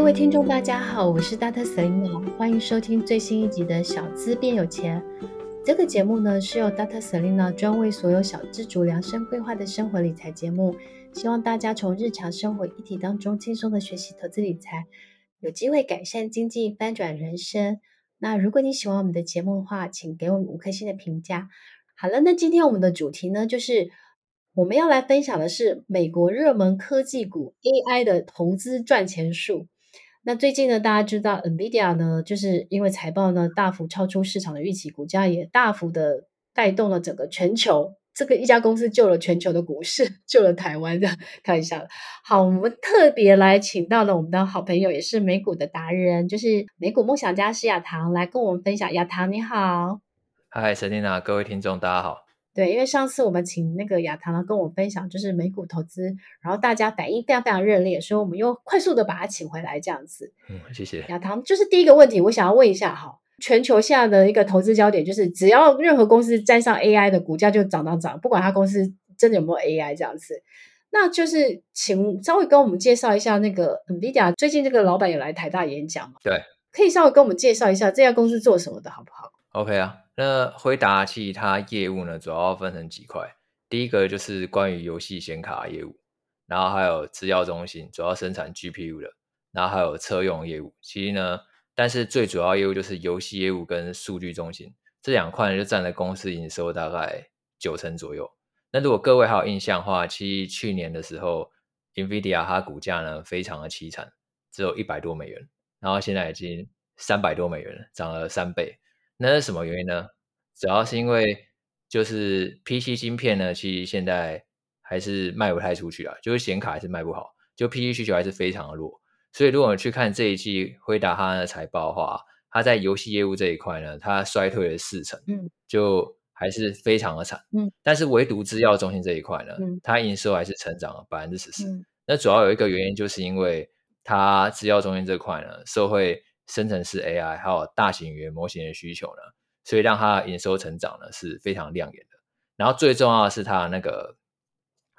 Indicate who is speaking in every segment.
Speaker 1: 各位聽眾，大家好，我是 Dr. Selena，歡迎收聽最新一集的《小資變有錢》。這個節目呢，是由 Dr. Selena 呢專為所有小資族量身規劃的生活理財節目，希望大家從日常生活議題當中輕鬆的學習投資理財，有機會改善經濟、翻轉人生。那如果你喜歡我們的節目的話，請給我們五顆星的評價。好了，那今天我們的主題呢，就是我們要來分享的是美國熱門科技股 AI 的投資賺錢術。那最近呢，大家知道 NVIDIA 呢，就是因為財報呢大幅超出市場的預期，股價也大幅的帶動了整個全球，這個一家公司救了全球的股市，救了台灣的，看一下。好，我們特別來請到了我們的好朋友，也是美股的達人，就是美股夢想家施雅棠，來跟我們分享。雅棠，你好。
Speaker 2: 嗨，Selena，各位聽眾，大家好。
Speaker 1: 對，因為上次我們請那個雅棠跟我分享，就是美股投資，然後大家反應非常非常熱烈，所以我們又快速的把他請回來這樣子。嗯，謝謝雅棠。就是第一個問題，我想要問一下哈，全球現在的一個投資焦點就是，只要任何公司沾上 AI 的股價就漲漲漲，不管他公司真的有沒有 AI 這樣子。那就是請稍微跟我們介紹一下那個 NVIDIA，最近這個老闆有來台大演講嘛？對，可以稍微跟我們介紹一下這家公司做什麼的好不
Speaker 2: 好？OK 啊。那輝達其他業務呢，主要分成幾塊。第一個就是關於遊戲顯卡業務，然後還有資料中心，主要生產 GPU 的，然後還有車用業務。其實呢，但是最主要業務就是遊戲業務跟數據中心這兩塊呢，就佔了公司營收大概九成左右。那如果各位還有印象的話，其實去年的時候，NVIDIA 它股價呢非常的淒慘，只有一百多美元，然後現在已經三百多美元了，漲了三倍。那是什麼原因呢？主要是因為就是 PC 芯片呢，其實現在還是賣不太出去啊，就是顯卡還是賣不好，就 PC 需求還是非常的弱。所以如果我們去看這一季輝達它的財報的話，它在遊戲業務這一塊呢，它衰退了四成，嗯、就還是非常的慘，嗯。但是唯獨資料中心這一塊呢，它、嗯、營收還是成長了百分之十四。嗯、那主要有一個原因，就是因為它資料中心這塊呢，社會生成式 AI 還有大型語言模型的需求呢，所以讓它的營收成長呢是非常亮眼的。然後最重要的是它那個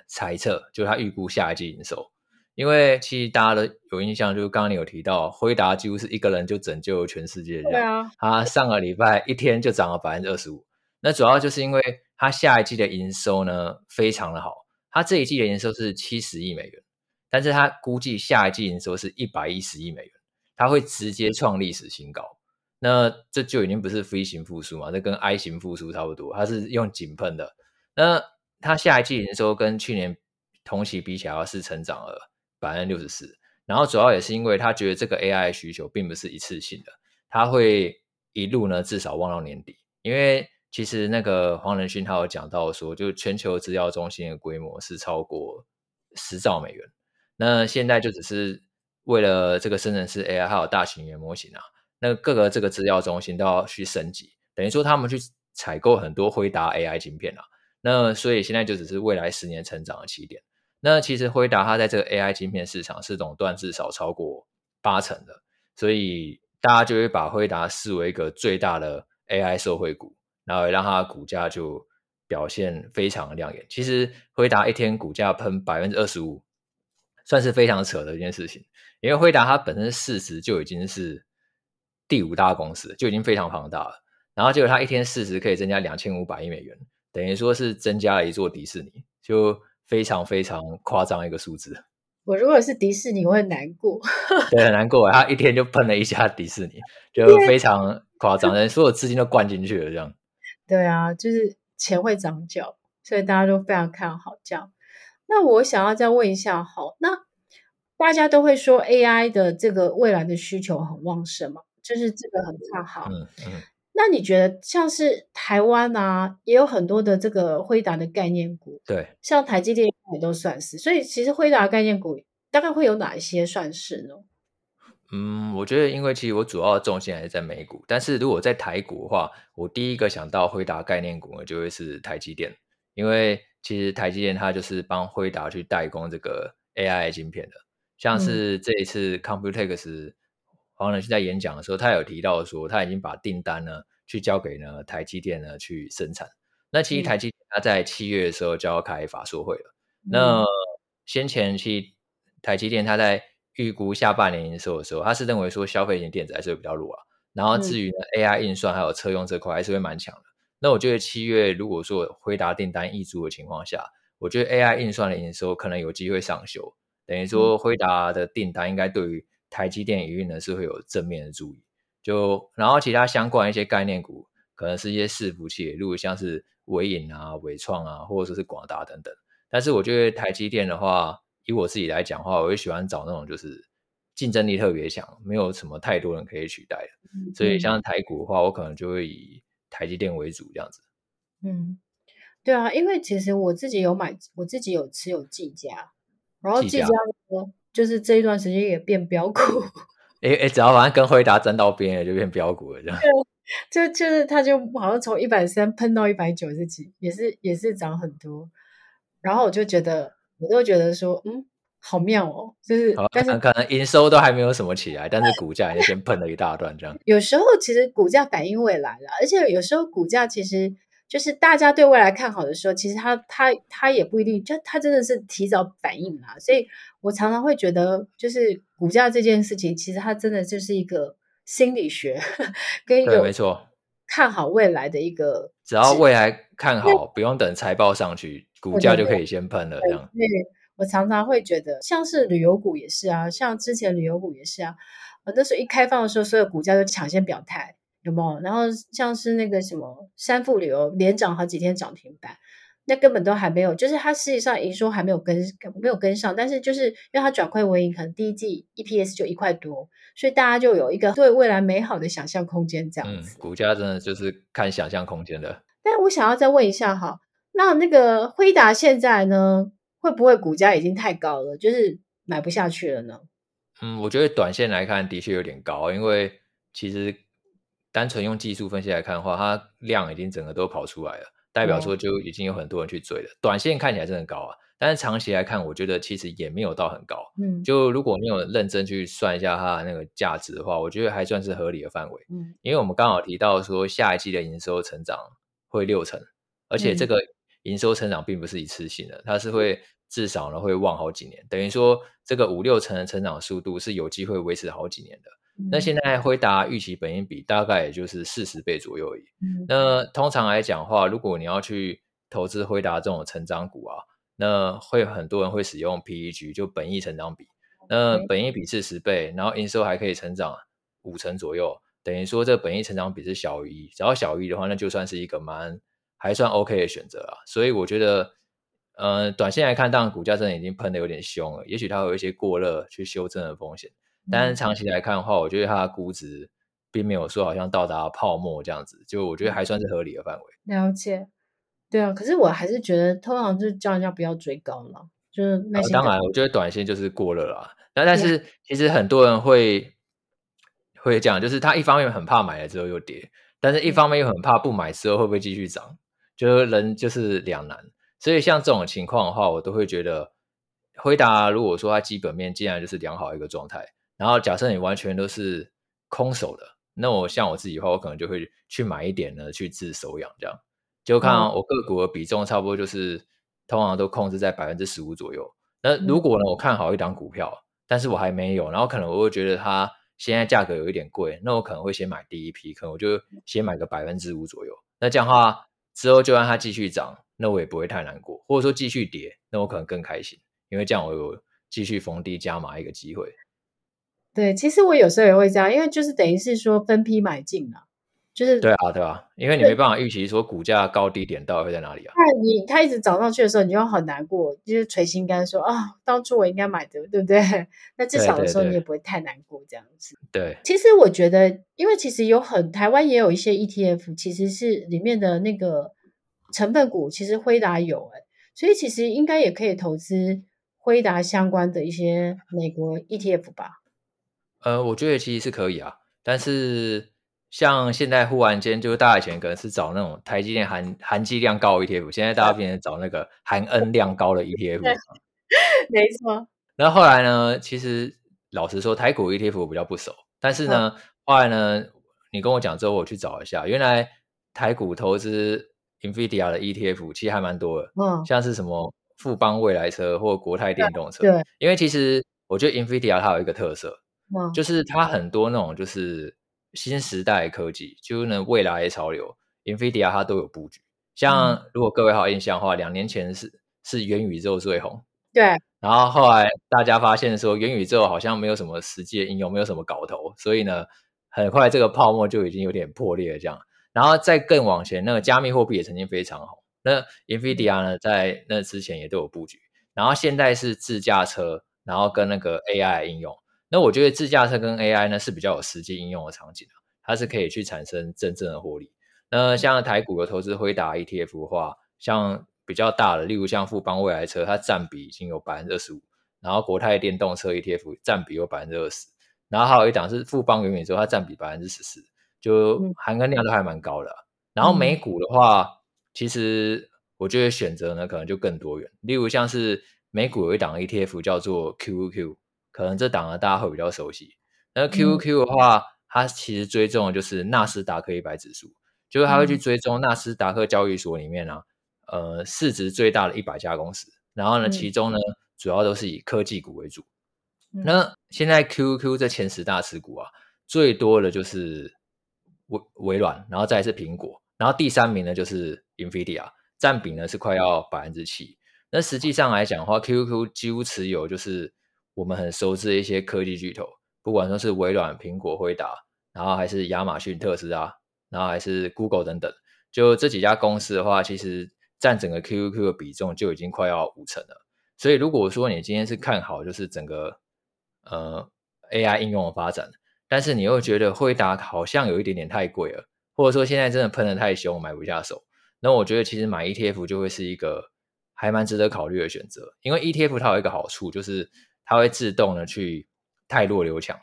Speaker 2: 猜測，就是它預估下一季營收。因為其實大家都有印象，就是剛剛你有提到，輝達幾乎是一個人就拯救全世界的人。對啊，它上個禮拜一天就漲了百分之二十五。那主要就是因為它下一季的營收呢非常的好，它這一季的營收是七十億美元，但是它估計下一季營收是一百一十億美元。他會直接創歷史新高，那這就已經不是 V 型復甦嘛。這跟 I 型復甦差不多，它是用井噴的。那他下一季營收跟去年同期比起來是成長了百分之六十四，然後主要也是因為他覺得這個 AI 需求並不是一次性的，他會一路呢至少望到年底，因為其實那個黃仁勳他有講到說，就全球資料中心的規模是超過十兆美元，那現在就只是。為了這個生成式 AI 還有大型語言模型啊，那各個這個資料中心都要去升級，等於說他們去採購很多輝達 AI 芯片啊。那所以現在就只是未來十年成長的起點。那其實輝達它在這個 AI 芯片市場是壟斷至少超過八成的，所以大家就會把輝達視為一個最大的 AI 社會股，然後讓它的股價就表現非常亮眼。其實輝達一天股價噴百分之二十五，算是非常扯的一件事情。因為輝達它本身市值就已經是第五大公司，就已經非常龐大了。然後，結果它一天市值可以增加兩千五百億美元，等於說是增加了一座迪士尼，就非常非常誇張一個數字。
Speaker 1: 我如果是迪士尼，會很難過
Speaker 2: 對，很難過。它一天就噴了一下迪士尼，就非常誇張，所有資金都灌進去了，這樣。
Speaker 1: 對啊，就是錢會長腳，所以大家都非常看好這樣。那我想要再問一下，好那。大家都會說 AI 的這個未來的需求很旺盛嘛，就是這個很看好。嗯嗯。嗯，那你覺得像是台灣啊，也有很多的這個輝達的概念股。對。像台積電也都算是，所以其實輝達概念股大概會有哪一些算是呢？嗯，
Speaker 2: 我覺得因為其實我主要的重心還是在美股，但是如果在台股的話，我第一個想到輝達概念股呢，就會是台積電，因為其實台積電它就是幫輝達去代工這個 AI 晶片的。像是這一次 Computex，黃仁勳在演講的時候，嗯、他有提到說，他已經把訂單呢去交給呢台積電呢去生產。那其實台積電他在七月的時候就要開法說會了。嗯、那先前其實台積電他在預估下半年營收的時候，他是認為說消費型電子還是會比較弱啊。然後至於 A I 運算還有車用這塊還是會蠻強的。那我覺得七月如果說回答訂單易足的情況下，我覺得 A I 運算的營收可能有機會上修。等於說，輝、嗯、達的訂單應該對於台積電營運呢是會有正面的注意。就然後其他相關一些概念股，可能是一些伺服器，例如像是緯穎啊、緯創啊，或者說是廣達等等。但是我覺得台積電的話，以我自己來講的話，我會喜歡找那種就是競爭力特別強，沒有什麼太多人可以取代的。嗯嗯。所以像台股的話，我可能就會以台積電為主這樣子。嗯，
Speaker 1: 對啊，因為其實我自己有買，我自己有持有技嘉。然後即將說，就是這一段時間也變飆股。
Speaker 2: 欸、誒、欸，只要好像跟輝達沾到邊也就變飆股
Speaker 1: 了，這樣。就就是他就好像從一百三噴到一百九十幾，也是也是漲很多。然後我就覺得，我就覺得說，嗯，好妙哦，就是好但是可能
Speaker 2: 營收都還沒有什麼起來，但是股價也先噴了一大段這樣。
Speaker 1: 有時候其實股價反應未來了，而且有時候股價其實。就是大家對未來看好的時候，其實它它它也不一定，就它真的是提早反應啦、啊。所以我常常會覺得，就是股價這件事情，其實它真的就是一個心理學跟一個，沒錯，看好未來的一個。只要未來
Speaker 2: 看好，對不用等財報上去，股價就可以先噴
Speaker 1: 了。這樣對，對，我常常會覺得，像是旅遊股也是啊，像之前旅遊股也是啊，我那時候一開放的時候，所有股價都搶先表態。有沒有，然後像是那個什麼三富旅遊連漲好幾天漲停板，那根本都還沒有，就是它實際上營收還沒有跟沒有跟上，但是就是因為它轉虧為盈，可能第一季 EPS 就一塊多，所以大家就有一個對未來美好的想象空間，這樣子，嗯。
Speaker 2: 股價真的就是看想象空間的。
Speaker 1: 但我想要再問一下哈，那那個輝達現在呢，會不會股價已經太高了，就是買不下去了呢？嗯，
Speaker 2: 我覺得短線來看的確有點高，因為其實。單純用技術分析來看的話，它量已經整個都跑出來了，代表說就已經有很多人去追了。嗯、短線看起來真的高啊，但是長期來看，我覺得其實也沒有到很高。嗯，就如果沒有認真去算一下它的那個價值的話，我覺得還算是合理的範圍。嗯，因為我們剛好提到說，下一季的營收成長會六成，而且這個營收成長並不是一次性的，嗯、它是會至少呢會旺好幾年，等於說這個五六成的成長速度是有機會維持好幾年的。那現在輝達預期本益比大概也就是四十倍左右而已。嗯嗯嗯、那通常來講的話，如果你要去投資輝達這種成長股啊，那會很多人會使用 PEG，就本益成長比。那本益比四十倍，嗯嗯、然後營收、so、還可以成長五成左右，等於說這本益成長比是小於一，只要小於一的話，那就算是一個蠻還算 OK 的選擇啊，所以我覺得，嗯、呃、短線來看，當然股價真的已經噴的有點兇了，也許它會有一些過熱去修正的風險。但是長期來看的話，我覺得它的估值並沒有說好像到達泡沫這樣子，就我覺得還算是合理的範圍。
Speaker 1: 了解，對啊。可是我還是覺得，通常就叫人家不要追高嘛，就是那些、啊、當然，
Speaker 2: 我覺得短線就是過了啦。那但是其實很多人會、哎、會這樣，就是他一方面很怕買了之後又跌，但是一方面又很怕不買之後會不會繼續漲，嗯、就是人就是兩難。所以像這種情況的話，我都會覺得，輝達、啊，如果說它基本面既然就是良好的一個狀態。然後假設你完全都是空手的，那我像我自己的話，我可能就會去買一點呢，去止手癢這樣。就看、啊、我個股的比重，差不多就是通常都控制在百分之十五左右。那如果呢，我看好一檔股票，但是我還沒有，然後可能我會覺得它現在價格有一點貴，那我可能會先買第一批，可能我就先買個百分之五左右。那這樣的話之後就讓它繼續漲，那我也不會太難過；或者說繼續跌，那我可能更開心，因為這樣我有繼續逢低加碼一個機會。
Speaker 1: 對，其實我有時候也會這樣，因為就是等於是說分批買進了、啊。就是
Speaker 2: 對啊，對吧、啊？對，因為你沒辦法預期說股價高低點到底會在哪裡
Speaker 1: 啊。那你它一直漲上去的時候，你就很難過，就是捶心肝說啊、哦，當初我應該買的，對不對？那至少的時候你也不會太難過，對對對這樣子。對，其實我覺得，因為其實有很台灣也有一些 ETF，其實是裡面的那個成分股，其實輝達有、欸，所以其實應該也可以投資輝達相關的一些美國 ETF 吧。
Speaker 2: 呃，我覺得其實是可以啊，但是像現在忽然間就是大家以前可能是找那種台積電含含積量高的 ETF，現在大家變成找那個含 N 量高的 ETF，沒錯。然後，後來呢，其實老實說，台股 ETF 我比較不熟，但是呢，嗯、後來呢，你跟我講之後，我去找一下，原來台股投資 NVIDIA 的 ETF 其實還蠻多的，嗯，像是什麼富邦未來車或國泰電動車，對，對，因為其實我覺得 NVIDIA 它有一個特色。嗯、就是它很多那種就是新時代的科技，就是呢未來的潮流，NVIDIA 它都有布局。像如果各位好印象的話，嗯、兩年前是是元宇宙最紅，
Speaker 1: 對。
Speaker 2: 然後後來大家發現說元宇宙好像沒有什麼實際應用，沒有什麼搞頭，所以呢，很快這個泡沫就已經有點破裂了。這樣，然後再更往前，那個加密貨幣也曾經非常紅。那 NVIDIA 呢，在那之前也都有布局。然後現在是自駕車，然後跟那個 AI 的應用。那我覺得自駕車跟 AI 呢是比較有實際應用的場景的，它是可以去產生真正的獲利。那像台股的投資輝達 ETF 的話，像比較大的，例如像富邦未來車，它佔比已經有百分之二十五，然後國泰電動車 ETF 佔比有百分之二十，然後還有一檔是富邦能源車，它佔比百分之十四，就含金量都還蠻高的。然後美股的話，其實我覺得選擇呢可能就更多元，例如像是美股有一檔 ETF 叫做 QQQ。可能這檔呢大家會比較熟悉，那 QQQ 的話，嗯、它其實追蹤的就是納斯達克一百指數，嗯、就是它會去追蹤納斯達克交易所裡面呢、啊，呃，市值最大的一百家公司，然後呢，其中呢，嗯、主要都是以科技股為主。嗯、那現在 QQQ 這前十大持股啊，最多的就是微微軟，然後再是蘋果，然後第三名呢就是 Nvidia，占比呢是快要百分之七。那實際上來講的話、嗯、QQQ 幾乎持有就是。我們很熟知一些科技巨頭，不管說是微軟、蘋果、輝達，然後還是亞馬遜、特斯拉、啊，然後還是 Google 等等，就這幾家公司的話，其實占整個 QQQ 的比重就已經快要五成了。所以如果說你今天是看好就是整個呃 AI 應用的發展，但是你又覺得輝達好像有一點點太貴了，或者說現在真的噴得太凶，買不下手，那我覺得其實買 ETF 就會是一個還蠻值得考慮的選擇，因為 ETF 它有一個好處就是。它會自動的去汰弱留強。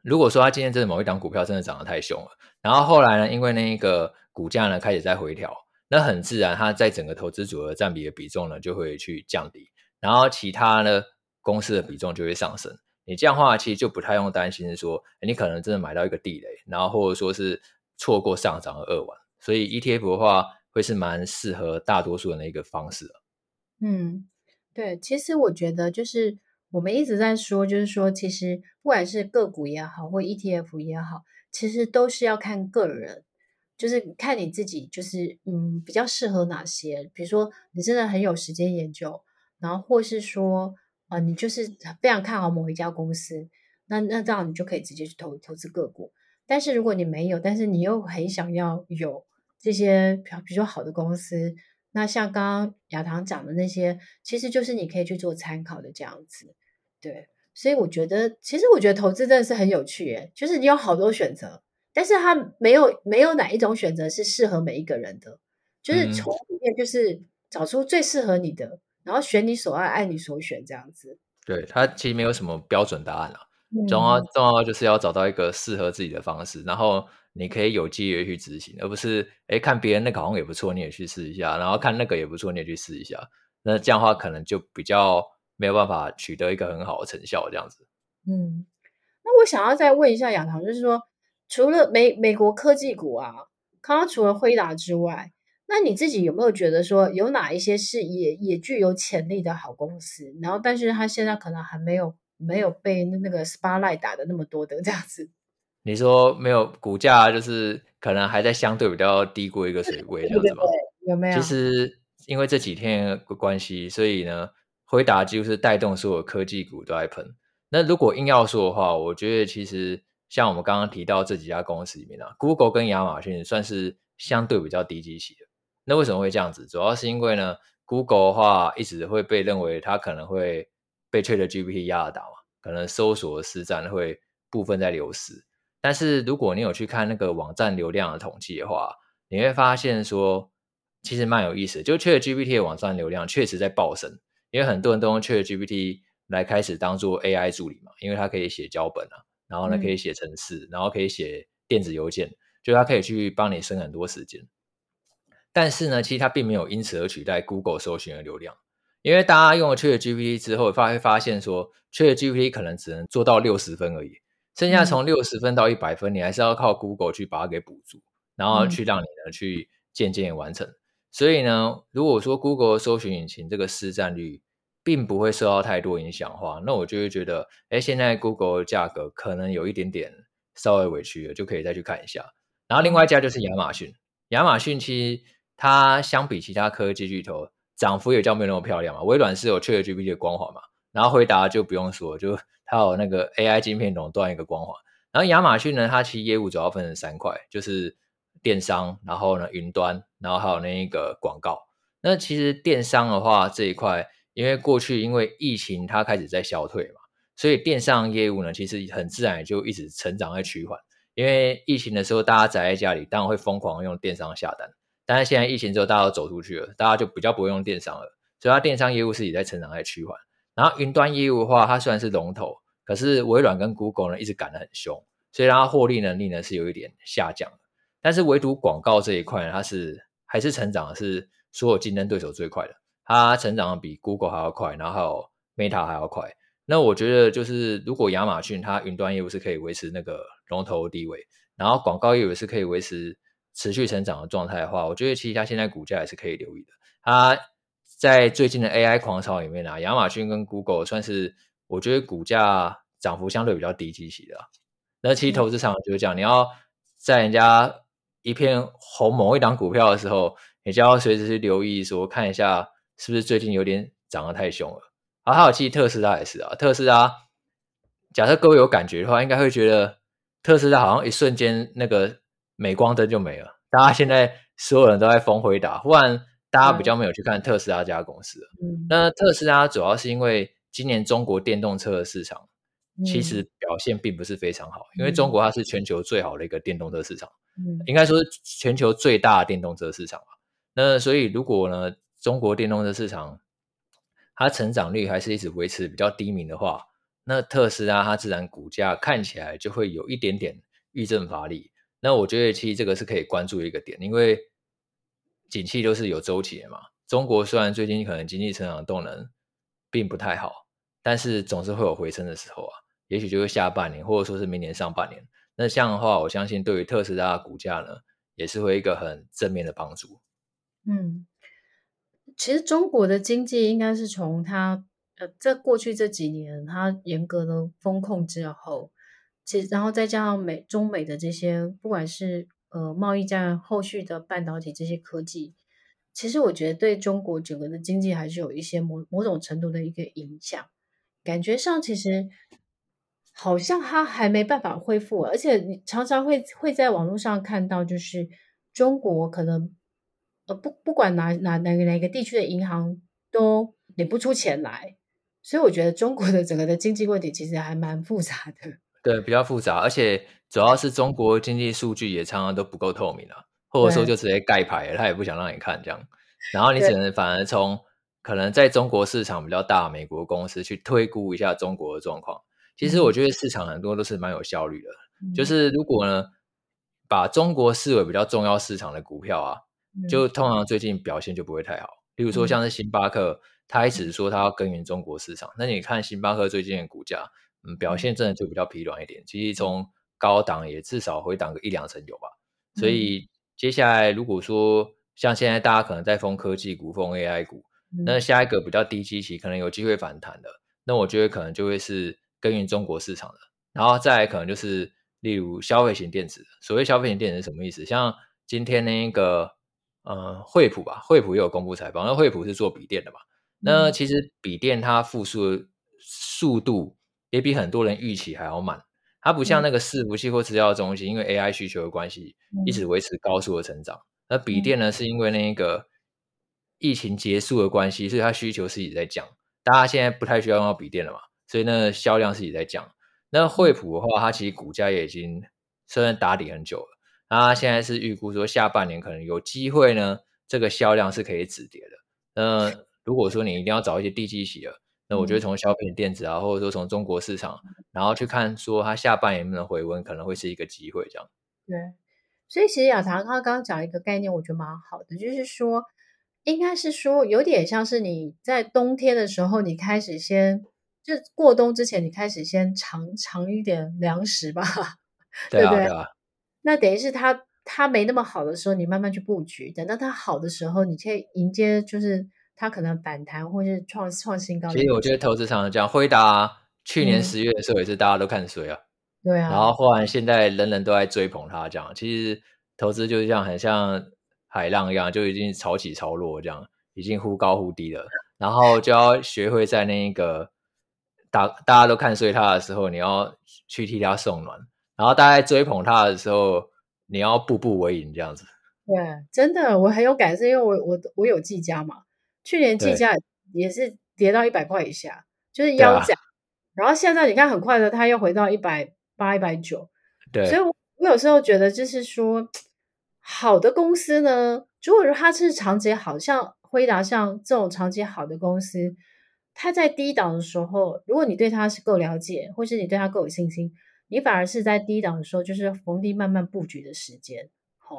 Speaker 2: 如果說它今天真的某一檔股票真的漲得太凶了，然後後來呢，因為那一個股價呢開始在回調，那很自然它在整個投資組合占比的比重呢就會去降低，然後其他呢公司的比重就會上升。你這樣的話其實就不太用擔心說你可能真的買到一個地雷，然後或者說是錯過上漲的扼腕，所以 ETF 的話會是蠻適合大多數人的一個方式。嗯，
Speaker 1: 對，其實我覺得就是。我們一直在說，就是說，其實不管是個股也好，或 ETF 也好，其實都是要看個人，就是看你自己，就是嗯，比較適合哪些。比如說，你真的很有時間研究，然後或是說，啊、呃，你就是非常看好某一家公司，那那這樣你就可以直接去投投資個股。但是如果你沒有，但是你又很想要有這些比較比較好的公司。那像剛剛雅棠講的那些，其實就是你可以去做參考的這樣子。對，所以我覺得，其實我覺得投資真的是很有趣耶，就是你有好多選擇，但是它沒有沒有哪一種選擇是適合每一個人的。
Speaker 2: 就是從
Speaker 1: 裡面就是找出最適合你的，嗯、然後選你所愛，愛你所選這樣子。
Speaker 2: 對，它其實沒有什麼標準答案了。啊，嗯、重要重要就是要找到一個適合自己的方式，然後。你可以有機會去執行，而不是哎看別人那個口紅也不錯，你也去試一下，然後看那個也不錯，你也去試一下。那這樣的話，可能就比較沒有辦法取得一個很好的成效，這樣子。
Speaker 1: 嗯，那我想要再問一下雅棠，就是說，除了美美國科技股啊，他除了輝達之外，那你自己有沒有覺得說，有哪一些是也也具有潛力的好公司？然後，但是他現在可能還沒有沒有被那個 spotlight 打的那麼多的這樣子。
Speaker 2: 你說沒有股價，就是可能還在相對比較低估一個水位， 對
Speaker 1: 嗎？有沒有？其實
Speaker 2: 因為這幾天的關係，所以呢，輝達幾乎是帶動所有科技股都在噴。那如果硬要說的話，我覺得其實像我們剛剛提到這幾家公司裡面啊，Google 跟亞馬遜算是相對比較低基期的。那為什麼會這樣子？主要是因為呢，Google 的話一直會被認為它可能會被 ChatGPT 壓著打嘛，可能搜索市佔會部分在流失。但是如果你有去看那個網站流量的統計的話，你會發現說，其實蠻有意思的，就 ChatGPT 的網站流量確實在暴升，因為很多人都用 ChatGPT 來開始當做 AI 助理嘛，因為它可以寫腳本啊，然後呢可以寫程式，嗯、然後可以寫電子郵件，就它可以去幫你省很多時間。但是呢，其實它並沒有因此而取代 Google 搜尋的流量，因為大家用了 ChatGPT 之後，發會發現說，ChatGPT 可能只能做到六十分而已。剩下從六十分到一百分，你還是要靠 Google 去把它給補足，然後去讓你呢、嗯、去漸漸完成。所以呢，如果說 Google 搜尋引擎這個市占率並不會受到太多影響的話，那我就會覺得，哎，現在 Google 價格可能有一點點稍微委屈了，就可以再去看一下。然後另外一家就是亞馬遜，亞馬遜其實它相比其他科技巨頭漲幅也較沒有那麼漂亮嘛，微軟是有 ChatGPT 的光環嘛。然後輝達就不用說，就它有那個 AI 晶片壟斷一個光環。然後亞馬遜呢，它其實業務主要分成三塊，就是電商，然後呢雲端，然後還有那一個廣告。那其實電商的話這一塊，因為過去因為疫情它開始在消退嘛，所以電商業務呢其實很自然也就一直成長在趨緩。因為疫情的時候大家宅在家裡，當然會瘋狂用電商下單。但是現在疫情之後大家都走出去了，大家就比較不會用電商了，所以它電商業務自己在成長在趨緩。然後雲端業務的話，它雖然是龍頭，可是微軟跟 Google 呢一直趕得很凶，所以它獲利能力呢是有一點下降的。但是唯獨廣告這一塊，它是還是成長的是所有競爭對手最快的，它成長得比 Google 還要快，然後還有 Meta 還要快。那我覺得就是如果亞馬遜它雲端業務是可以維持那個龍頭的地位，然後廣告業務是可以維持持續成長的狀態的話，我覺得其實它現在股價也是可以留意的。它。在最近的 AI 狂潮裡面啊，亞馬遜跟 Google 算是我覺得股價漲幅相對比較低級些的啊。那其實投資上就是這樣，你要在人家一片紅某一檔股票的時候，你就要隨時去留意，說看一下是不是最近有點漲得太凶了。啊，還有其實特斯拉也是啊，特斯拉假設各位有感覺的話，應該會覺得特斯拉好像一瞬間那個鎂光燈就沒了，大家現在所有人都在瘋輝達，忽然。大家比較沒有去看特斯拉這家公司。嗯、那特斯拉主要是因為今年中國電動車市場其實表現並不是非常好，嗯、因為中國它是全球最好的一個電動車市場，嗯、應該說是全球最大的電動車市場吧、嗯、那所以如果呢，中國電動車市場它成長率還是一直維持比較低迷的話，那特斯拉它自然股價看起來就會有一點點欲振乏力。那我覺得其實這個是可以關注一個點，因為。景氣都是有週期的嘛。中國雖然最近可能經濟成長動能並不太好，但是總是會有回升的時候啊。也許就是下半年，或者說是明年上半年。那這樣的話，我相信對於特斯拉的股價呢，也是會一個很正面的幫
Speaker 1: 助。嗯，其實中國的經濟應該是從它呃，在過去這幾年它嚴格的封控之後，其實然後再加上美中美的這些，不管是。呃，貿易戰後續的半導體這些科技，其實我覺得對中國整個的經濟還是有一些某某種程度的一個影響。感覺上其實好像它還沒辦法恢復，而且你常常會會在網絡上看到，就是中國可能呃不不管哪哪哪哪個地區的銀行都領不出錢來，所以我覺得中國的整個的經濟問題其實還蠻複雜的。
Speaker 2: 對，比較複雜，而且主要是中國經濟數據也常常都不夠透明了，啊，或者說就直接蓋牌了，對他也不想讓你看這樣。然後你只能反而從對可能在中國市場比較大美國公司去推估一下中國的狀況。
Speaker 1: 其實我覺
Speaker 2: 得市場很多都是蠻有效率的，嗯、就是如果呢，把中國視為比較重要市場的股票啊，嗯、就通常最近表現就不會太好。比如說像是星巴克，嗯、他一直說他要耕耘中國市場，嗯、那你看星巴克最近的股價。嗯，表現真的就比較疲軟一點。其實從高檔也至少回檔個一兩成有吧。所以，嗯、接下來如果說像現在大家可能在封科技股、封 AI 股，嗯、那下一個比較低基期可能有機會反彈的，那我覺得可能就會是耕耘中國市場的。然後再來可能就是例如消費型電子。所謂消費型電子是什麼意思？像今天那個嗯、呃、惠普吧，惠普也有公布財報。那惠普是做筆電的嘛？那其實筆電它復甦的速度。嗯也比很多人預期還要慢，它不像那個伺服器或資料中心，嗯、因為 AI 需求的關係，一直維持高速的成長。嗯、那筆電呢，是因為那個疫情結束的關係，所以它需求是一直在降，大家現在不太需要用到筆電了嘛，所以呢，銷量是一直在降。那惠普的話，它其實股價也已經雖然打底很久了，那它現在是預估說下半年可能有機會呢，這個銷量是可以止跌的。那如果說你一定要找一些低基期的。那我覺得從小品電子啊，或者說從中國市場，然後去看說它下半年能不能回溫，可能會是一個機會。這樣
Speaker 1: 對，所以其實雅棠剛剛講一個概念，我覺得蠻好的，就是說應該是說有點像是你在冬天的時候，你開始先就過冬之前，你開始先嚐嚐一點糧食吧，對，啊、 對不對？對啊、那等於是它它沒那麼好的時候，你慢慢去布局；等到它好的時候，你可以迎接，就是。它可能反彈，或是創創新高。其實我覺得
Speaker 2: 投資常常這樣，輝達、啊、去年十月的時候也是大家都看衰啊、嗯，對啊。然後忽然現在人人都在追捧它，這樣其實投資就像很像海浪一樣，就已經潮起潮落，這樣已經忽高忽低了。然後就要學會在那個大大家都看衰它的時候，你要去替它送暖；然後大家追捧它的時候，你要步步為營這樣子。
Speaker 1: 對、啊，真的我很有感受，因為我我我有技嘉嘛。去年計價也是跌到一百塊以下，對就是腰斬，啊、然後現在你看很快的，它又回到一百八、一百九。對，所以我有時候覺得就是說，好的公司呢，如果說它是長期好像輝達像這種長期好的公司，它在低檔的時候，如果你對它是夠了解，或是你對它夠有信心，你反而是在低檔的時候，就是逢低慢慢布局的時間。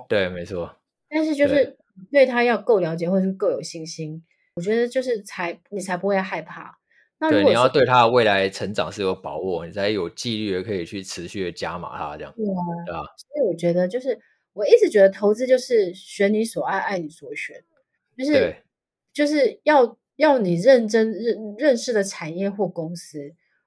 Speaker 1: 對，沒錯。但是就是對它要夠了解，對或者是夠有信心。我覺得就是才，你才不會害怕。那如果對你要對他
Speaker 2: 的未來成長是有把握，你才有紀律的可以去持續的加碼
Speaker 1: 他這樣。對啊，對吧所以我覺得就是我一直覺得投資就是選你所愛，愛你所選，就是對就是要要你認真認認識的產業或公司，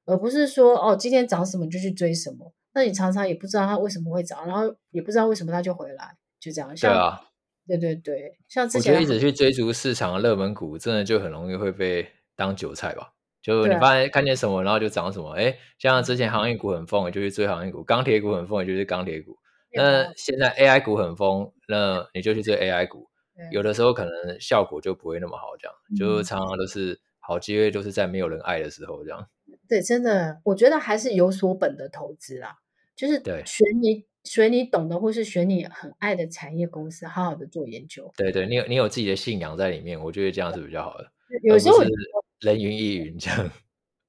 Speaker 1: 而不是說哦今天漲什麼就去追什麼。那你常常也不知道它為什麼會漲，然後也不知道為什麼它就回來，就這樣想。對啊。對對對，像之前我覺得一直去
Speaker 2: 追逐市場的熱門股，真的就很容易會被當韭菜吧。就你發現看見什麼，然後就漲什麼。哎、啊，像之前行業股很瘋，你就去追行業股；鋼鐵股很瘋，你就去、是、鋼鐵股。那現在 AI 股很瘋，那你就去追 AI 股。對有的時候可能效果就不會那麼好，
Speaker 1: 這樣對就常
Speaker 2: 常都是好機會就是在沒有人愛的時候，這樣。
Speaker 1: 對，真的，我覺得還是有所本的投資啦，就是對全你。選你懂的，或是選你很愛的產業公司，好好的做研究。
Speaker 2: 對對，你有你有自己的信仰在裡面，我覺得這樣是比較好的。有時候人云亦云這樣，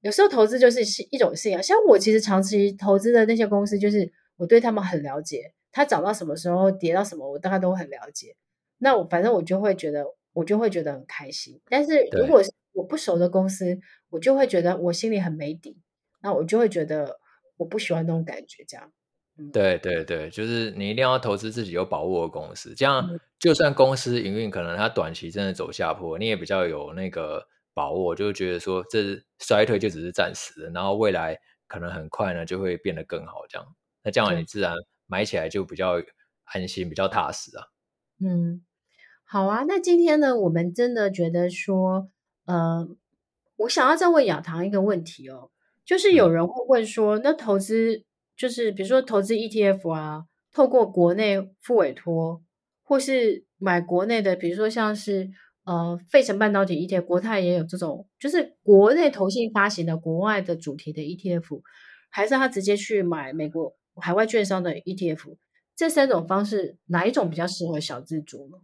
Speaker 1: 有時候投資就是一種信仰。像我其實長期投資的那些公司，就是我對他們很了解，他漲到什麼時候，跌到什麼，我大概都很了解。那我反正我就會覺得，我就會覺得很開心。但是如果是我不熟的公司，對我就會覺得我心裡很沒底，那我就會覺得我不喜歡那種感覺，這樣。
Speaker 2: 對對對，就是你一定要投資自己有把握的公司，這樣就算公司營運可能它短期真的走下坡，你也比較有那個把握，就覺得說這衰退就只是暫時的，然後未來可能很快呢就會變得更好，這樣，那這樣你自然買起來就比較安心，對比較踏實啊。嗯，
Speaker 1: 好啊，那今天呢，我們真的覺得說，嗯、呃，我想要再問雅棠一個問題哦，就是有人會問說，嗯、那投資。就是比如說投資 ETF 啊，透過國內複委託，或是買國內的，比如說像是呃費城半導體 ETF，國泰也有這種，就是國內投信發行的國外的主題的 ETF，還是他直接去買美國海外券商的 ETF，這三種方式哪一種比較適合小資族呢？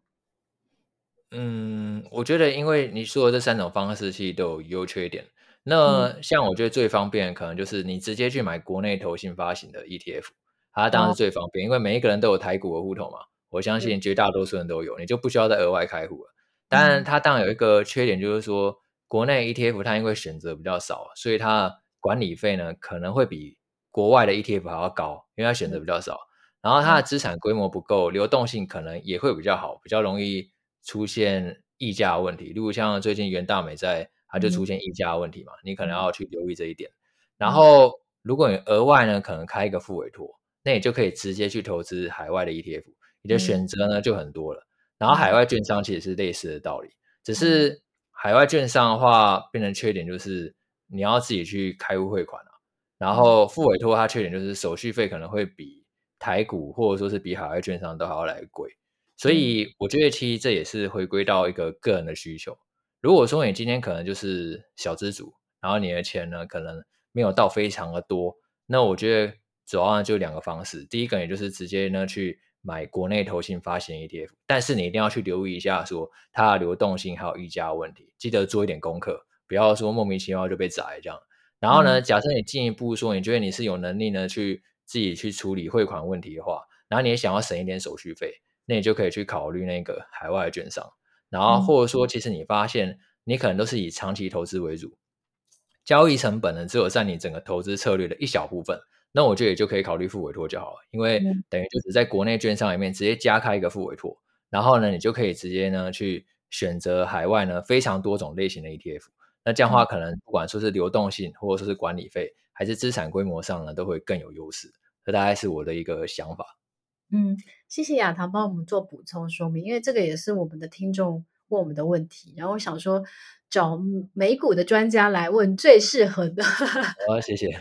Speaker 1: 嗯，
Speaker 2: 我覺得因為你說的這三種方式其實都有優缺點。那像我覺得最方便的可能就是你直接去買國內投信發行的 ETF，它當然是最方便，因為每一個人都有台股的戶頭嘛，我相信絕大多數人都有，你就不需要再額外開戶了。當然，它當然有一個缺點就是說，國內 ETF 它因為選擇比較少，所以它管理費呢可能會比國外的 ETF 還要高，因為它選擇比較少，然後它的資產規模不夠，流動性可能也會比較好，比較容易出現溢價問題。如果像最近元大美在它就出現溢價問題嘛，你可能要去留意這一點。然後，如果你額外呢，可能開一個複委託，那你就可以直接去投資海外的 ETF，你的選擇呢就很多了。然後，海外券商其實是類似的道理，只是海外券商的話，變成缺點就是你要自己去開戶匯款啊，然後，複委託它缺點就是手續費可能會比台股或者說是比海外券商都還要來貴。所以，我覺得其實這也是回歸到一個個人的需求。如果說你今天可能就是小資族，然後你的錢呢可能沒有到非常的多，那我覺得主要呢就兩個方式，第一個也就是直接呢去買國內投信發行 ETF，但是你一定要去留意一下說它的流動性還有溢價問題，記得做一點功課，不要說莫名其妙就被宰這樣。
Speaker 1: 然後呢，嗯、
Speaker 2: 假設你進一步說你覺得你是有能力呢去自己去處理匯款問題的話，然後你也想要省一點手續費，那你就可以去考慮那個海外券商。然後或者說，其實你發現你可能都是以長期投資為主，交易成本呢只有占你整個投資策略的一小部分，那我覺得也就可以考慮複委託就好了，因為等於就是在國內券商裡面直接加開一個複委託然後呢，你就可以直接呢去選擇海外呢非常多種類型的 ETF，那這樣的話可能不管說是流動性或者說是管理費還是資產規模上呢都會更有優勢，這大概是我的一個想法。
Speaker 1: 嗯，謝謝雅棠幫我們做補充說明，因為這個也是我們的聽眾問我們的問題。然後我想說，找美股的專家來問最適合的。好、哦，謝謝。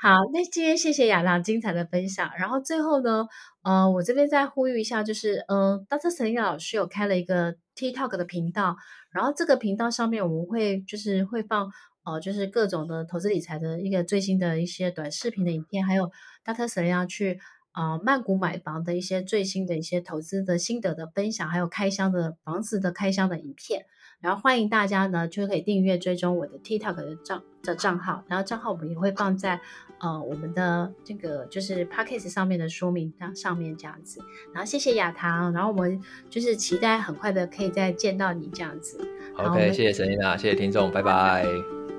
Speaker 1: 好，那今天謝謝雅棠精彩的分享。然後最後呢，呃，我這邊再呼籲一下，就是，嗯、呃，Dr. Selena 老師有開了一個 TikTok 的頻道，然後這個頻道上面我們會就是會放，哦、呃，就是各種的投資理財的一個最新的一些短視頻的影片，還有 Dr. Selena 去。啊，曼谷、嗯、買房的一些最新的一些投資的心得的分享，還有開箱的房子的開箱的影片，然後歡迎大家呢就可以訂閱追蹤我的 TikTok 的賬的賬號然後賬號我們也會放在呃我們的這個就是 Podcast 上面的說明上上面這樣子，然後謝謝雅棠，然後我們就是期待很快的可以再見到你這樣子。好的，謝謝
Speaker 2: Selena，嗯、謝謝聽眾，拜拜。拜拜。